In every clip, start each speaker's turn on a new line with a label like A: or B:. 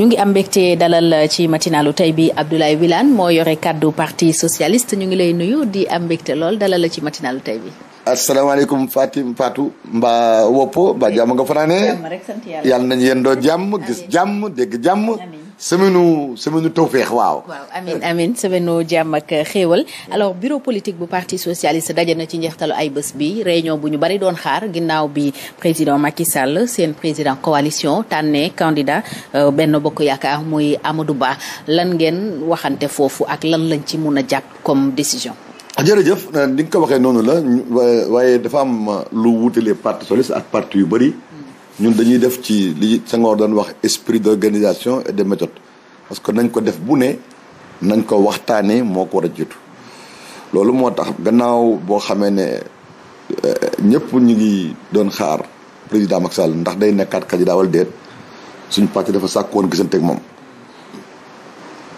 A: ñu ngi am mbégte dalal ci matinalu tey bi Abdoulaye Wilane moo yore kàddu parti socialiste ñu ngi lay nuyu di am mbégte lool dalal ci matinalu tey bi
B: asalaamaaleykum Fatim Fatou mbaa woppo mbaa jàmm nga fanaane yàlla nañu yendoo jàmm gis jàmm dégg jàmm semaine semaine tawféex waaw.
A: waaw amiin amin semaine jàmm ak xéewal alors bureau politique bu parti socialiste daje na ci njeextalu ay bés bi réunion bu ñu bari doon xaar ginnaaw bi président Macky Sall seen président coalition tànnee candidat euh, benn bokk yaakaar muy Amadou baax lan ngeen waxante foofu ak lan lañ ci mun a jàpp comme décision.
B: Ah, jërëjëf euh, ni nga ko waxee noonu la waaye dafa am lu wutalee parti socialiste ak parti yu bari. ñun dañuy def ci li Senghor doon wax esprit d'organisation et de méthode parce que nañ ko def bu ne nañ ko waxtaanee moo ko war a jiitu loolu moo tax gannaaw boo xamee ne euh, ñëpp ñu ngi doon xaar président Macky ndax day nekkaat candidat daawal déet suñ parti dafa sàkk woon gisante moom.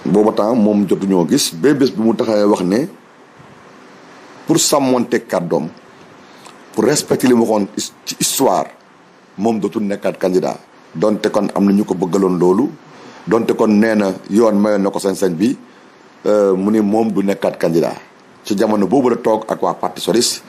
B: booba temps moom jotuñoo gis ba bés bi mu taxawee wax ne pour sàmmonte doom pour respecter li mu waxoon ci histoire. moom dootul nekkaat kanjida donte kon am na ñu ko bëggaloon loolu donte kon nee na yoon mayoon na ko sañ-sañ bi euh, mu ne moom du nekkaat candidat ci jamono boobu la toog ak waa parti socialiste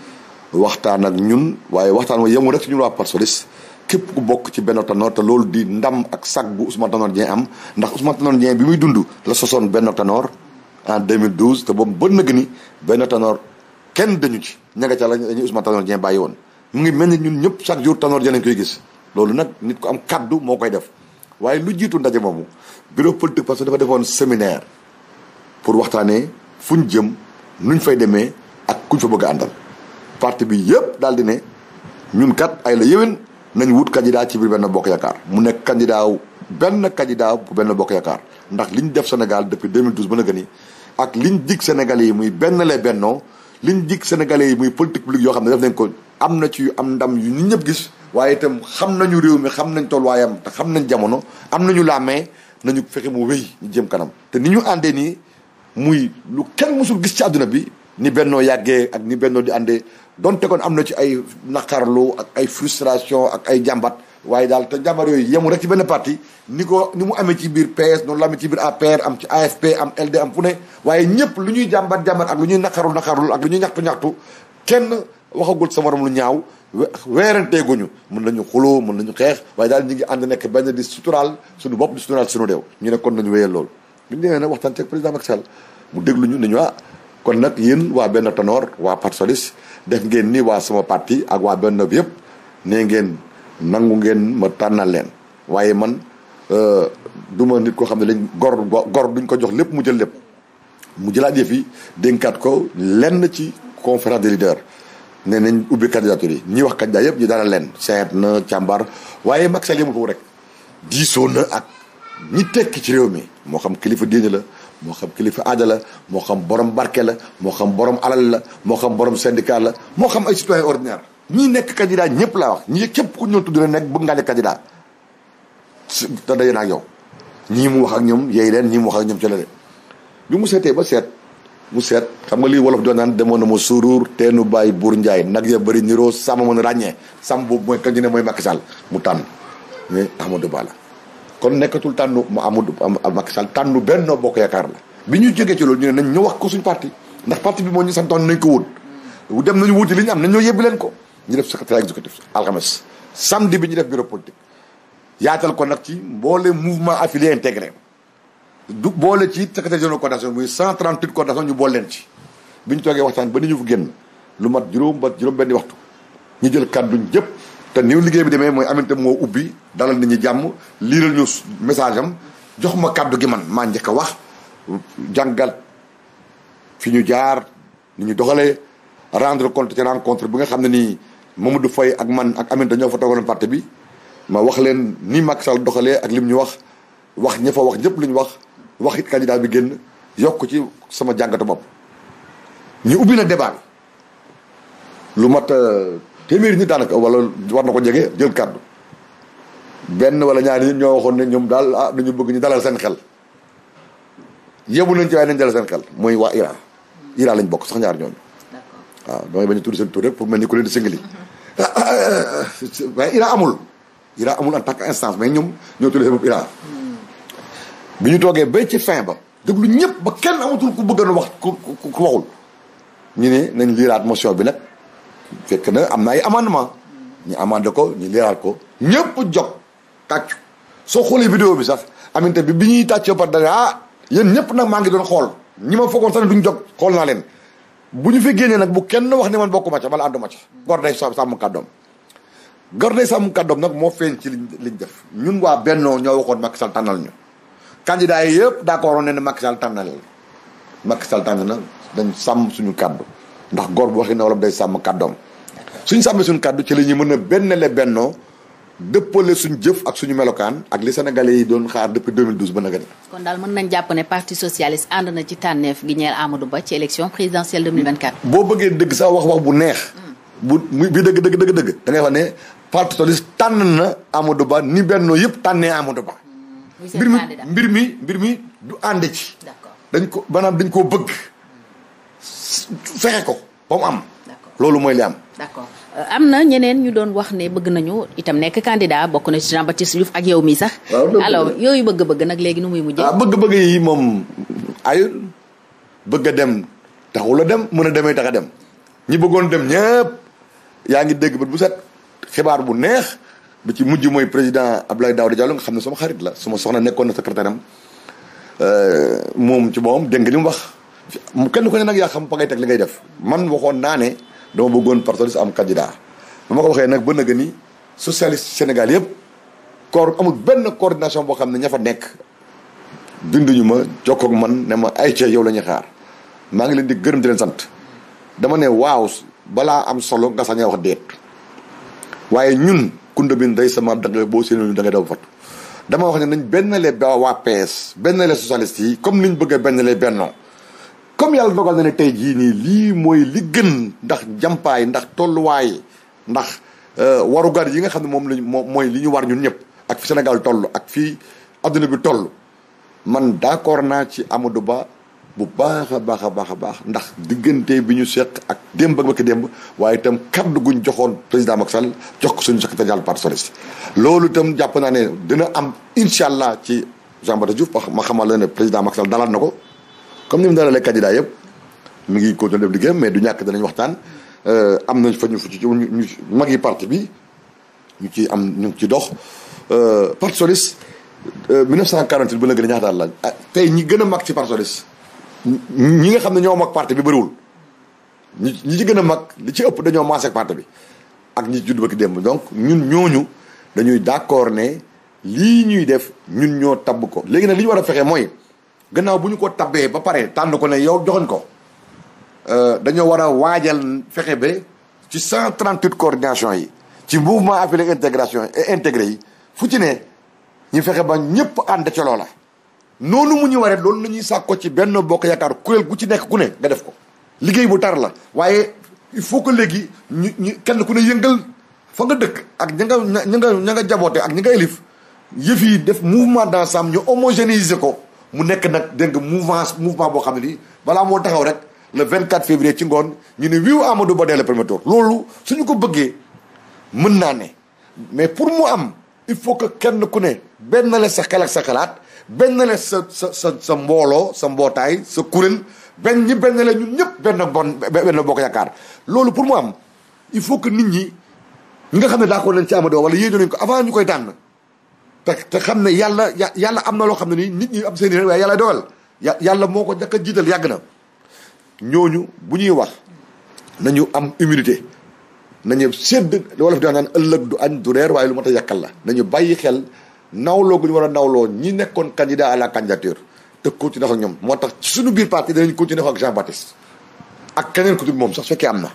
B: waxtaan ak ñun waaye waxtaan wa yemul rek ci ñun waa parti socialiste képp ku bokk ci benn Tanor te loolu di ndam ak sag bu Ousmane Tanor Dieng am ndax Ousmane Tanor ñee bi muy dund la sosoon Benno Tanor en 2012 te boobu ba nëgg ni benn Tanor kenn dañu ci ña nga ca la ñu Ousmane Tanor bàyyi woon mu ngi mel ni ñun ñëpp chaque jour Tanor Dieng lañ koy gis loolu nag nit ku am kaddu moo koy def waaye lu jiitu ndaje moomu bureau politique parce que dafa defoon séminaire pour waxtaanee fuñ jëm nuñ fay demee ak kuñ fa bëgg a àndal. parti bi yëpp daal di ne ñun kat ay la yéwén nañ wut candidat ci biir benn bokk yaakaar mu nekk candidat benn candidat bu benn bokk yaakaar ndax liñ def Sénégal depuis 2012 ba léegi nii ak liñ dig Sénégalais yi muy benn les bennoo liñ dig senegal yi muy politique publique yoo xam ne def nañ ko. am na ci am ndam yu ñu ñëpp gis waaye itam xam nañu réew mi xam nañ tolluwaayam te xam nañ jamono am nañu la main nañu fexe mu wéy ñu jëm kanam te ni ñu àndee nii muy lu kenn mësul gis ci àdduna bi ni bennoo yàggee ak ni bennoo di àndee donte kon am na ci ay naqarlu ak ay frustration ak ay jàmbat waaye daal te jàmbat yooyu yemu rek ci benn parti ni ko ni mu amee ci biir PS noonu la ci biir APR am ci AFP am LD am fu ne waaye ñëpp lu ñuy jàmbat jàmbat ak lu ñuy naqarul naqarul ak lu ñuy ñaxtu ñaxtu kenn waxagul sama morom lu ñaaw weeranteeguñu mën nañu xuloo mën nañu xeex waaye daal ñu ngi ànd nekk benn di suturaal suñu bopp di suturaal suñu réew ñu ne kon nañu wéyal loolu bu ñu demee nag waxtaan ceeg président Macky Sall mu déglu ñu ne ñu ah, kon nag yéen waa benn tanoor waa parti socialiste def ngeen ni waa sama parti ak waa benn bi yëpp nee ngeen nangu ngeen ma tànnal leen waaye man euh, du nit koo xam ne lañ gor gor duñ ko jox lépp mu jël lépp mu jëlaat yëf yi dénkaat ko lenn ci conférence des leaders ne nañ ubbi candidature yi ñi wax candidat yëpp ñu dara leen seet na càmbar waaye Macky Sall yemul foofu rek diisoo na ak ñi tekki ci réew mi moo xam kilifa diine la moo xam kilifa aadala moo xam borom barke la moo xam borom alal la moo xam borom syndicat la moo xam ay citoyen ordinaire ñi nekk candidat ñëpp laa wax ñi képp ku ñëw tudd la nekk bëgg ngaa nekk candidat te daje naa yow ñii mu wax ak ñoom yeey leen ñii mu wax ak ñoom ca la leen mu seetee ba mu seet xam nga lii wolof doon naan demoon na ma suuruur teenu baay buur njaay nag ya bëri niroo sàmm mën ràññee sàmm boobu mooy kañ ne mooy Macky Sall mu tànn ne Amadou Ba la kon nekkatul tànnu mu Amadou Macky Sall tànnu Benno Bokk Yaakaar la bi ñu jógee ci loolu ñu ne nañ ñu wax ko suñ parti ndax parti bi moo ñu santoon nañ ko wut dem nañu wuti li ñu am na ñoo yebbi leen ko ñu def secrétaire exécutif alxames samedi bi ñu def bureau politique yaatal ko nag ci mboole mouvement affilié intégré du boole ci secrétaire général coordination muy 138 coordination ñu boole leen ci bi ñu wax waxtaan ba ni ñu génn lu mat juróom ba juróom benni waxtu ñu jël kàddu jëp te niw liggéey bi demee mooy aminte moo ubbi dalal nit ñi jàmm liiral ñu message am jox ma kàddu gi man maa njëkk a wax jàngal fi ñu jaar ni ñu doxalee rendre compte ci rencontre bi nga xam ne nii Mamadou Faye ak man ak aminte ñoo fa toogaloon parti bi ma wax leen ni Macky Sall doxalee ak lim ñu wax wax ña fa wax ñëpp lu ñu wax waxit candidat bi génn yokk ci sama jàngatu bopp ñu ubbi na débat lu mat euh, téeméeri nit daanaka wala war na ko jege jël kàddu benn wala ñaari nit ñoo waxoon ne ñoom daal ah dañu bëgg ñu dalal seen xel yebu nañ ci waaye nañ dalal seen xel mooy waa Iran Iran lañ bokk sax ñaar ñooñu waaw damay bañ a tudd seen tur rek pour mel ni leen di waaye Iran amul Iran amul en tant que instance mais ñoom ñoo tudd seen bopp Iran hmm. bi ñu toogee ba ci fin ba déglu ñëpp ba kenn amatul ku bëgg a wax ku ku waxul ñu ne nañ liiraat motion bi nag fekk na am na ay amendement ñu amandé ko ñu liiraat ko ñëpp jog tàccu soo xoolee vidéo bi sax aminte bi bi ñuy tàccee par dane ah yéen ñëpp nag maa ngi doon xool ñi ma foogoon sax ne duñ jog xool naa leen bu ñu fi génnee nag bu kenn wax ne man bokkuma ca wala ànduma ca gor day sàmm kàddoom gor day sàmm kàddoom nag moo feeñ ci liñ liñ def ñun waa bennoo ñoo waxoon Macky Sall ñu candidat yi yëpp d' accord woon ne ne Macky Sall tànnal Macky Sall tànn na dañ sàmm suñu kàddu ndax góor bu waxee ne wala day sàmm kàddoom suñ sàmmee suñu kàddu ci la ñuy mën a bennale bennoo dëppale suñ jëf ak suñu melokaan ak li sénégalais yi doon xaar depuis 2012 ba nag.
A: kon daal mën nañ jàpp ne parti socialiste ànd na ci tànneef gi ñeel Amadou Ba ci élection présidentielle 2024.
B: Hmm. boo bëggee dëgg sax wax wax bu neex. Hmm. bu bi dëgg dëgg dëgg dëgg. da ngay wax ne parti na Amadou Ba ni bennoo yëpp tànnee Amadou Ba. mbir mi mbir mi mbir mi du ànd ci. dañ ko maanaam dañ koo bëgg. fexe ko ba mu am. loolu mooy li am.
A: d'accord euh, am na ñeneen ñu doon wax ne bëgg nañu itam nekk candidat bokk na ci Jean Baptiste Diouf ak yow mii sax. alors yooyu bëgg-bëgg nag léegi nu muy mujjee. ah bëgg-bëgg
B: yi moom ayul bëgg a dem taxul a dem mën a demee tax dem ñi bëggoon dem ñëpp yaa ngi dégg bët bu set xibaar bu neex. bi ci mujj mooy président Abdoulaye Daouda Diallo nga xam ne sama xarit la suma soxna nekkoon na secrétaire am euh, moom ci moom dégg nga li mu wax. kenn ku ne nag yaa xam fa ngay teg li ngay def man waxoon naa ne dama bëggoon parti am candidat ba ma ko waxee nag ba nag ni socialiste Sénégal yëpp koor amul benn coordination boo xam ne ña fa nekk. binduñu ma jokkoog man ne ma ay ca yow la xaar maa ngi leen di gërëm di leen sant dama ne waaw balaa am solo nga sañ a wax déet waaye ñun. kunda bi day sama da nga boo séenee da ngay daw vote dama wax ne nañ benn les waa PS benn les socialistes yi comme niñ bëgg a benn les bennoo comme yàlla dogal na ne tey jii nii lii mooy li gën ndax jàmpaay ndax tolluwaay ndax euh, warugar yi nga xam ne moom lañ moom mooy li ñu war ñun ñëpp ak fi Sénégal toll ak fi adduna bi toll man d'accord naa ci Amadou Ba. bu baax a baax a baax a baax ndax diggante bi ñu seq ak démb ak bëkk démb waaye itam kaddu guñ joxoon président Macky Sall jox ko suñu ta général parti socialiste loolu itam jàpp naa ne dina am incha allah ci Jean Baptiste Diouf ma xamal la ne président Macky Sall na ko comme ni mu dalalee candidat yëpp mi ngi ko doon def mais du ñàkk danañ waxtaan euh, am nañ fa fu ci ñu mag yi parti bi ñu ci am ñu ngi ci dox euh, parti socialiste 1948 euh, ba la gën a ñax daal laaj ah, tey ñi gën a mag ci parti socialiste ñi nga xam ne ñoo mag parti bi bariwul ñi ñi ci gën a mag li ci ëpp dañoo maase ak bi ak ñi ci ba ki démb donc ñun ñooñu dañuy d'accord ne lii ñuy def ñun ñoo tabb ko léegi nag li ñu war a fexe mooy gannaaw bu ñu ko tabee ba pare tànn ko ne yow joxoñ ko euh, dañoo war a waajal fexe ba ci cent 138 coordination yi ci mouvement appelé intégration et intégré yi fu ci ne ñu fexe ba ñëpp ànd ca la noonu mu ñu waree loolu la ñuy sàkko ci benn bokk yaakaar kuréel gu ci nekk ku ne nga def ko liggéey bu tar la waaye il faut que léegi ñu ñu kenn ku ne yëngal fa nga dëkk ak ña nga ña nga ña nga jaboote ak ña nga élif yëf yi def mouvement d'ensemble ñu homogénéiser ko mu nekk nag dégg nga mouvement boo xam ni nii balaa moo taxaw rek le 24 février ci ngoon ñu ne wiiw Amadou Ba dee le premier tour loolu suñu ko bëggee mën naa ne mais pour mu am il faut que kenn ku ne benn la sa xel ak benn la sa sa sa sa mbooloo sa mbootaay sa kuréel benn ñi benna la ñun ñëpp benn bon benn bokk yaakaar loolu pour mu am il faut que nit ñi ñi nga xam ne d'accord nañ ci Amadou wala yéene nañ ko avant ñu koy tànn te te xam ne yàlla yàlla am na loo xam ne nii nit ñi am seen i waaye yàlla yàlla moo ko njëkk jiital yàgg na ñooñu bu ñuy wax nañu am humilité nañu sedd wala fi daan naan ëllëg du añ du reer waaye lu mat a yàkkal la nañu bàyyi xel nawloo gu ñu war a nawloo ñi nekkoon candidat à la candidature te continuer ak ñoom moo tax su suñu biir parti danañ continuer ak Jean Baptiste ak keneen ku dul moom sax su fekkee am na.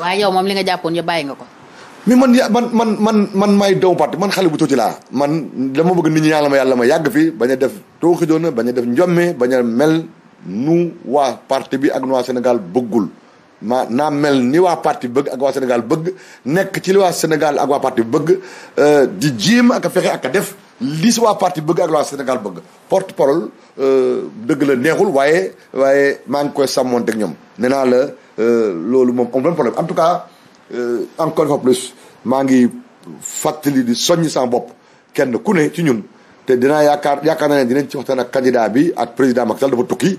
A: waaye yow moom li nga jàppoon yow bàyyi nga ko.
B: mais man ya man man man man maay doomu parti man xale bu tuuti laa man ma bëgg nit ñi yàlla ma yàlla ma yàgg fi bañ a def tooxi doona bañ a def njomme bañ a mel nu waa parti bi ak nu waa Sénégal bëggul. ma naa mel ni waa parti bëgg ak waa Sénégal bëgg nekk ci li waa Sénégal ak waa parti bëgg euh, di jéem ak a fexe ak a def li si waa parti bëgg ak waa Sénégal bëgg porte parole euh, dëgg la neexul waaye waaye maa ngi koy sàmmoonteeg ñoom nee naa la euh, loolu moom amul benn problème en tout cas encore une plus maa ngi fàttali di soññ sama bopp kenn ku ne ci ñun te dinaa yaakaar yaakaar naa ne dinañ ci waxtaan ak candidat bi ak président Macky Sall dafa tukki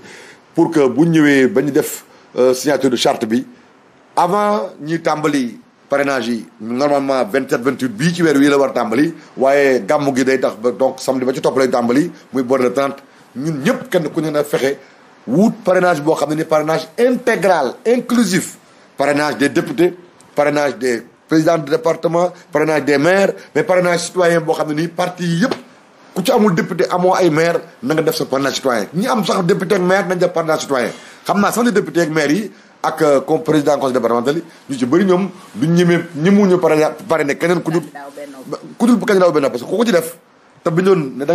B: pour que bu ñëwee ba ñu def. Euh, signature de charte bi avant ñuy tàmbali parrainage yi normalement 27 28 bii ci weer wii la war a tàmbali waaye gàmmu gi day tax ba donc samedi ba ci topp tambali tàmbali muy boole le 30 ñun ñëpp kenn ku ne na fexe wut parrainage boo xam ne ni parrainage intégral inclusif parrainage des députés parrainage des présidents de département parrainage des maires mais parenage citoyen boo xam ne nii parti yëpp. ku ci amul député amoo ay maire na nga def sa parrainage citoyen ñi am sax député ak maire nañ def parrainage citoyen xam naa sax ni député ak maire yi ak euh, comme président conseil départemental yi ñu ci bëri ñoom duñ ñemee ñemuñu parrainé keneen ku dul ku dul candidat benn parce que ku ko ci def te bindoon ne da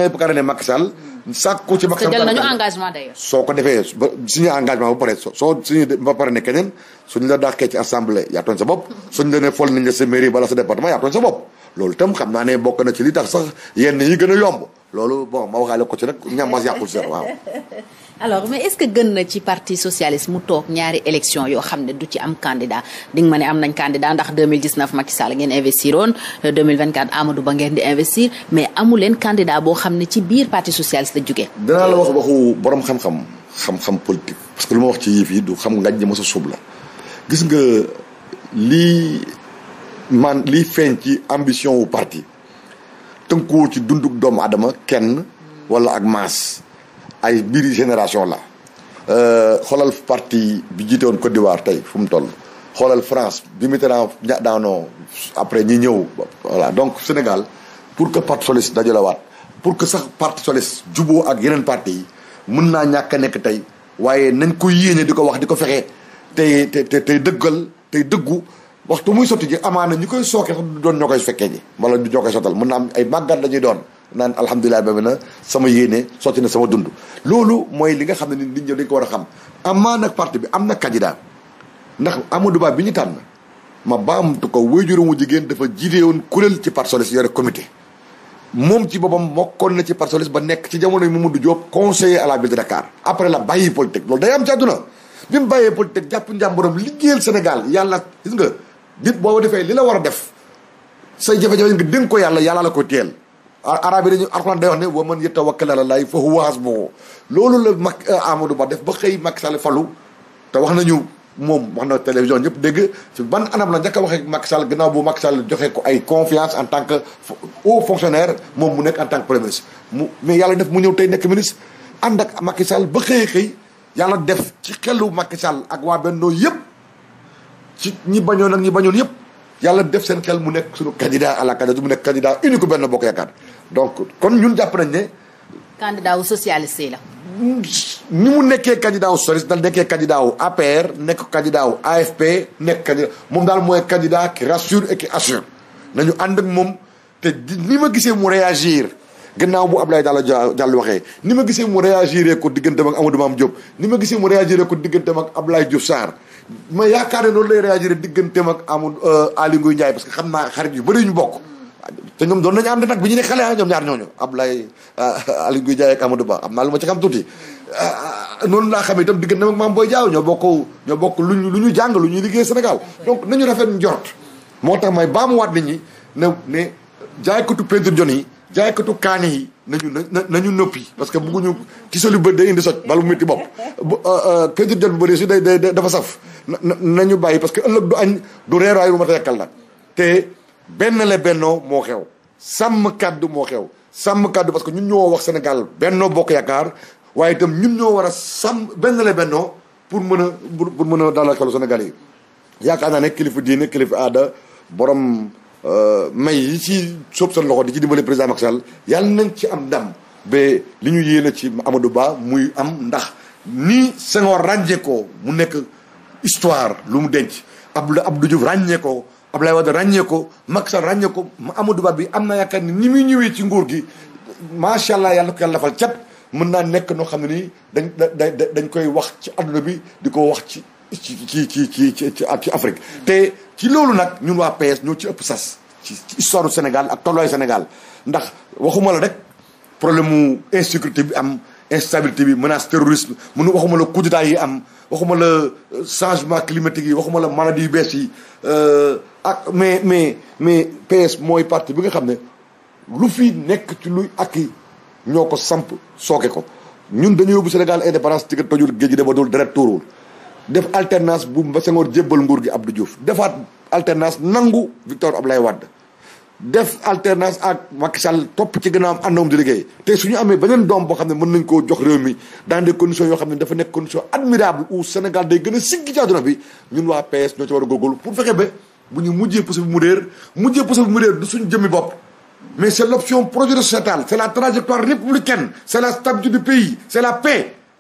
B: soo ko defee ba signé engagement ba pare soo signé ba parrainé keneen suñu assemblée yaa tooñ sa bopp suñu la ne fol nañ la sa mairie wala sa département yaa tooñ sa bopp loolu itam xam naa ne bokk ci li tax sax yenn yi gën a yomb loolu bon ma waxaale ko ci nag ñamas yàqul seen waaw.
A: que gën na ci parti socialiste mu toog ñaari élection yoo xam ne du ci am candidat di ma ne am nañ candidat ndax 2019 Macky Sall ngeen investir woon 2024 Amadou Ba ngeen di investir mais amu leen candidat boo xam ne ci biir parti socialiste
B: la jógee. dinaa la wax waxu borom xam-xam xam politique parce que lu ma wax ci yëf yi du xam ngañ ma sa suub gis nga lii. man liy feeñ ci ambition wu parti tënkuwul ci dunduk doomu adama kenn wala ak maas ay biir génération la euh, xoolal parti bi jiite woon Côte d'Ivoire tey fu mu toll xoolal France bi Mitterrand ña daanoo après ñi ñëw voilà donc Sénégal pour que parti socialiste dajalawaat pour que sax parti socialiste juboo ak yeneen parti yi mën naa ñàkk a nekk tey waaye nañ ko yéene di ko wax di ko fexe tey te te tey dëggal tey dëggu waxtu muy sotti ji amaana ñu koy sooke sax du doon ñoo koy fekkee ji wala du ñoo koy sottal mën na am ay màggat dañuy doon naan alhamdulilah ba na sama yéene sotti na sama dund loolu mooy li nga xam ne ni nit ñi dañ ko war a xam amaa nag parti bi am na candidat ndax Amadou Ba bi ñu tànn ma baamtu ko wéyjuru mu jigéen dafa jiite woon kuréel ci parti socialiste yore comité moom ci boppam bokkoon na ci parti socialiste ba nekk ci jamono yi Mamadou Diop conseiller à la ville de Dakar après la bàyyi politique loolu day am ci àdduna bi mu Sénégal yàlla gis nga nit boo defee li la war a def say jafe-jafe nga dénk ko yàlla yàlla la ko teel arabe yi dañu alxuraan day wax ne wa man yatawakkal ala llaahi fa huwa hasbuhu loolu la Macky euh, Amadou Ba def ba xëy Macky Sall falu te wax nañu moom wax na télévision ñëpp dégg ci ban anam la njëkk a waxee Macky Sall gannaaw bu Macky Sall joxe ko ay confiance en tant que haut fonctionnaire moom mu nekk en tant que premier mu mais yàlla def mu ñëw tey nekk ministre ànd ak Macky Sall ba xëy xëy yàlla def ci xelu Macky Sall ak waa yëpp ci ñi bañoon ak ñi bañoon yëpp yàlla def seen xel mu nekk suñu candidat à la mu nekk candidat unique benn bokk yaakaar donc kon ñun jàpp nañ ne.
A: candidat wu socialiste yi la.
B: ni mu nekkee candidat wu socialiste daal nekkee candidat wu APR nekk candidat wu AFP nekk moom daal mooy candidat ki rassure et qui assure nañu ànd ak moom te ni ma gisee mu réagir. gannaaw bu Abdoulaye Daouda Diallo waxee ni ma gisee mu réagiré ko digganteem ak Amadou Mame Diop ni ma gisee mu réagiré ko digganteem ak Abdoulaye Diouf Sarr ma yaakaar ne noonu lay réagir digganteem ak amul euh, Aly Ngouille Ndiaye parce que xam naa xarit yu bëri ñu bokk. te ñoom doon nañu ànd nag bi ñu ne xale ah ñoom ñaar ñooñu Ablaye euh, Aly Ngouille Ndiaye ak Amadou Ba am naa lu ma ci xam tuuti. Euh, noonu laa xamee itam digganteem ak maam Boy Diaw ñoo bokk ñoo bokk lu ñu lu ñu jàng lu ñuy liggéey Sénégal donc nañu rafet njort moo tax may waat nit ñi ne ne jaaykatu peinture jon yi jaaykatu kaani yi nañu na nañu nëppi parce que ñu ci soli bët day indi soj bala mu métti bopp euh, euh, këjut jot bu bëri si day day dafa saf ñu bàyyi parce que ëllëg du añ du reer waaye lu ma ta la te benn la bennoo moo xew sàmm kàddu moo xew sàmm parce que ñun ñoo wax Sénégal bennoo bokk yaakaar waaye itam ñun ñoo war a sàmm benn la pour mën a pour mën a dalal xelu Sénégal yi yaakaar naa ne kilifa diine kilifa aada borom Euh, may yi ci soob seen loxo di ci dimbale président Macky Sall yàlla nañ ci am ndam ba li ñu yéene ci Amadou Ba muy am ndax ni Senghor ràññee ko mu nekk histoire lu mu denc Abdou Abdou Diouf ràññeekoo ko Abdoulaye Wade ràññee ko Macky mu ràññee ko Ba bi am na yaakaar ni ni muy ñëwee ci nguur gi macha allah yàlla ko yàlla defal cat mën naa nekk noo xam ne nii dañ da dañ koy wax ci àdduna bi di ko wax ci. ci ci ci ci ci Afrique te ci loolu nag ñun waa PS ñoo ci ëpp sas ci histoire Sénégal ak tolluwaay Sénégal ndax waxuma la rek problème mu insécurité bi am instabilité bi menace terrorisme mënu waxuma la coup d'état am waxuma la euh, changement climatique yi waxuma la maladie yu bees yi euh, ak mais mais mais PS mooy parti bi nga xam ne lu fi nekk ci luy akki ñoo ko samp sooke ko ñun dañu yóbbu Sénégal indépendance ci ga tojul géej gi dema dool deret tuurul def alternance bu Senghor jébbal nguur gi ab Abdou Diouf defaat alternance nangu Victor Ablaye Wade def alternance ak Macky Sall topp ci gànnaawam àndoom di liggéey te ñu amee beneen doom boo xam ne mën nañ koo jox réew mi dans des conditions yoo xam ne dafa nekk condition admirable où Sénégal day gën a siggi ci àdduna bi ñun waa PS ñoo ci war a góorgóorlu pour fexe ba bu ñu mujjee pousse bi mu réer mujjee pousse bi mu réer du suñu jëmmi bopp mais c' est l' option projet de sociétal c' est la trajectoire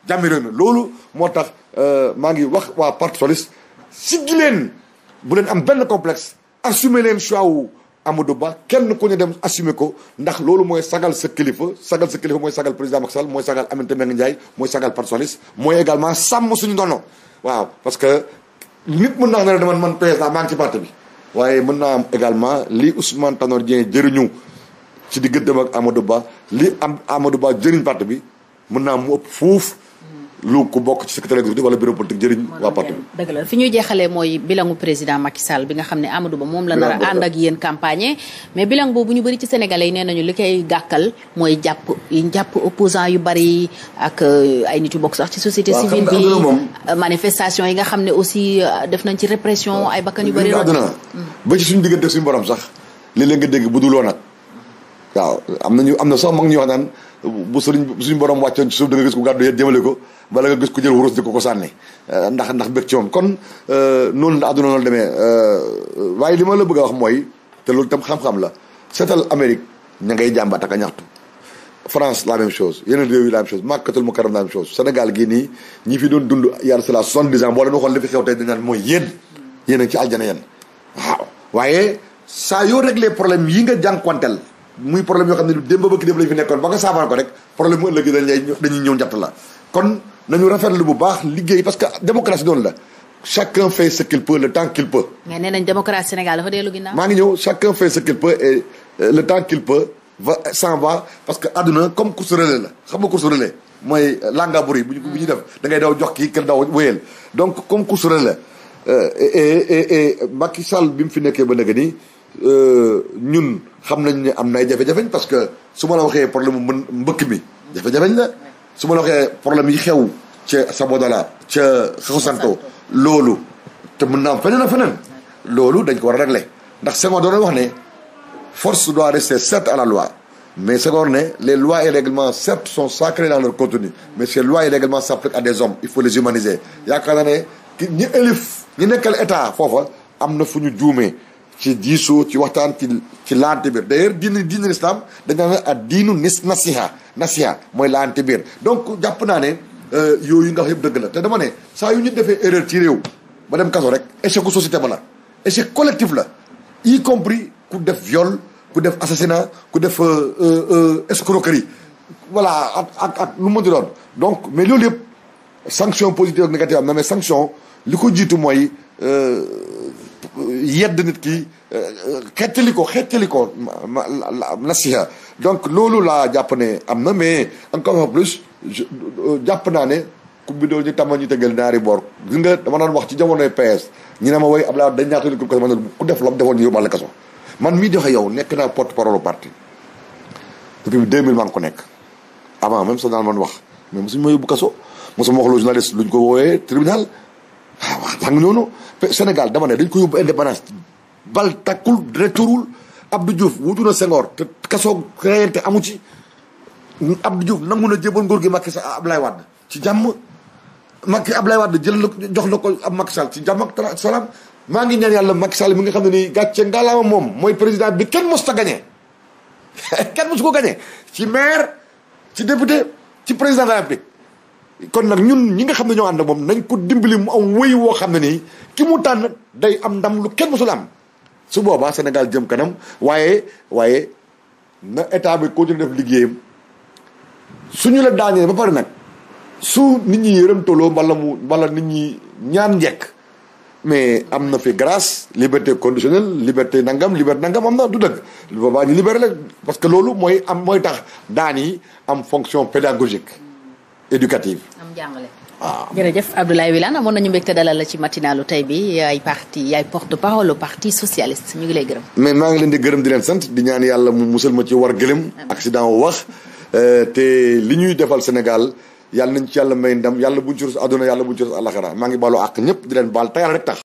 B: jàmmi réew loolu moo tax euh, maa ngi wax waa parti socialiste siggi leen bu leen am benn complexe assumer leen choix wu Amadou Ba kenn ku ñu dem assumé ko ndax loolu mooy sagal sa kilifa sagal sa kilifa mooy sagal président Macky Sall mooy sagal Aminata Mbengue Ndiaye mooy sagal parti socialiste mooy également sàmm suñu ndono waaw parce que nit mën naa ne man man président maa ngi ci parti bi waaye mën naa am également li Ousmane Tanor Dieng jëriñu ci digganteem ak Amadou Ba li am Amadou Ba jëriñ bi mën naa mu ëpp fuuf lu ku bokk ci secrétaire exécutif wala bureau politique jëriñ
A: fi ñuy jeexale mooy bilangu président Macky Sall bi nga xam ne Amadou Ba moom la nar a ànd ak yéen campagne mais bilang boobu ñu bëri ci sénégalais yi nee nañu li koy gàkkal mooy jàpp yi jàpp opposant yu bari ak euh, ay nit yu bokk sax ci société civile bi euh, manifestation yi nga xam ne aussi euh, def nañ ci répression ay bakkan yu bari àdduna
B: mm. ba ci suñu diggante suñu borom sax léeg-léeg nga dégg bu duloo nag waaw am nañu am na sax bu sëriñ suñu borom wàccoon ci suuf da gis ko gàddu yet jëmale ko bala nga gis ko jël wurus di ko ko sànni euh, ndax ndax bëgg ci moom kon euh, noonu la àdduna noonu demee euh, waaye li ma la bëgg a wax mooy te loolu tam xam-xam la seetal Amérique ña ngay jàmbat ak a ñaxtu France la même chose yeneen réew yi la même chose Makkatul Mukarram la même chose Sénégal gii nii ñi fi doon dund yàlla cela soixante-dix ans boo leen waxoon li fi xew tey dañ naan mooy yéen yéen a ngi ci aljana yéen waaw waaye saa yoo réglé problème yi nga jànkuwanteel muy problème yoo xam ne du démb bëgg démb lañu fi nekkoon ba nga saafara ko rek problème mu ëllëg dañuy ñëw njatt la kon nañu rafetlu bu baax liggéey parce que démocratie noonu la chacun fait ce qu'il peut le temps qu'il peut.
A: mais nee nañ démocratie Sénégal maa
B: ngi ñëw chacun fait ce qu'il peut et euh, le temps qu'il parce que àdduna comme course relais la xam nga course relais mooy langa buri bu ñu bu def da ngay daw jox kii kenn daw wéyal donc comme course relais la euh, et et et Macky bi mu fi nekkee ba nag nii. Euh, ñun xam nañu ne am na ay jafe-jafeñ parce que su ma la waxee problème mu mën mbëkk mi jafe-jafeñ la su ma la waxee problème yi xew ca Sabodala ca Xosanto loolu te mun naa am feneen a feneen loolu dañ ko war a régler ndax Senghor doon wax ne force doit rester certes à la loi mais Senghor ne les lois et règlements certes sont sacrés dans leur contenu mais ces lois et règlements s'appliquent à des hommes il faut les humaniser yaakaar naa ne ki ñi élif ñi nekkal état foofa am na fu ñu juumee ci diisoo ci waxtaan ci ci laante biir d'ailleurs diin diin l'islam dañ naan ak diinu nis nasiha nasiha mooy laante biir donc jàpp naa ne euh, yooyu nga wax yëpp dëgg la te dama ne saa yu ñu defee erreur ci réew ba dem kaso rek échec ku société ba la échec collectif la y compris ku def viol ku def assassinat ku def euh, euh, escroquerie voilà ak ak ak lu mu di doon donc mais loolu yëpp sanction positive ak négative am na mais sanction li ko jiitu mooy yedd nit ki euh, euh, xettali ko xettali ko nasiha donc loolu laa jàpp ne am na mais encore une plus euh, jàpp naa ne coupe bi doon ñu tàmma ñu tëggal ñaari boor gis nga dama wax ci jamonoy PS ñu ne ma woy Abdoulaye Wade dañ ñaata ni ko kaso man ku def lam defoon ñu yóbbaale kaso man mii joxe yow nekk naa porte parole parti depuis 2000 maa ngi ko nekk avant même sa naan man wax mais ma yóbbu kaso mosuma wax lu journaliste luñ ko woowee tribunal waaw xam nga Sénégal dama ne dañ ko yóbbu indépendance bal takkul retourul Abdou Diouf wutu na Senghor te kasoo reyante amu ci Abdou Diouf nangu na jébal nguur gi Macky Sall Ablaye Wade ci jàmm Macky Ablaye Wade jël na jox na ko ab Macky ci jàmm ak salaam maa ngi ñaan yàlla Macky Sall mi nga xam ne nii gàcce ngaalaama moom mooy président bi kenn mos ta gagné kenn mos ko gagné ci maire ci député ci président de kon nag ñun ñi nga xam ne ñoo ànd moom nañ ko dimbali mu am woo xam ne nii ki mu tànn day am ndam lu kenn musul am su boobaa Sénégal jëm kanam waaye waaye na état bi continuer def su ñu la daanee ba pare nag su nit ñi yërëm toloo wala mu wala nit ñi ñaan njekk mais am na fi grâce liberté conditionnelle liberté nangam liberté nangam am na du dëgg boobaa ñu libéré parce que loolu mooy am mooy tax daan yi am fonction pédagogique éducative. am jàngale. waaw ah.
A: jërëjëf Abdoulaye Wilane amoon nañu mbégte dalal la ci matinalu tey bi yaay parti yaay porte parole au parti socialiste ñu ngi lay gërëm.
B: mais maa ngi leen di gërëm di leen sant di ñaan yàlla mu musal ma ci war gëlëm. accident wu wax euh, te li ñuy defal Sénégal. yàlla nañ ci yàlla may ndam yàlla buñ ci rus àdduna yàlla buñ ci rus àllaxira maa ngi baalu àq ñëpp di leen baal te yàlla rek tax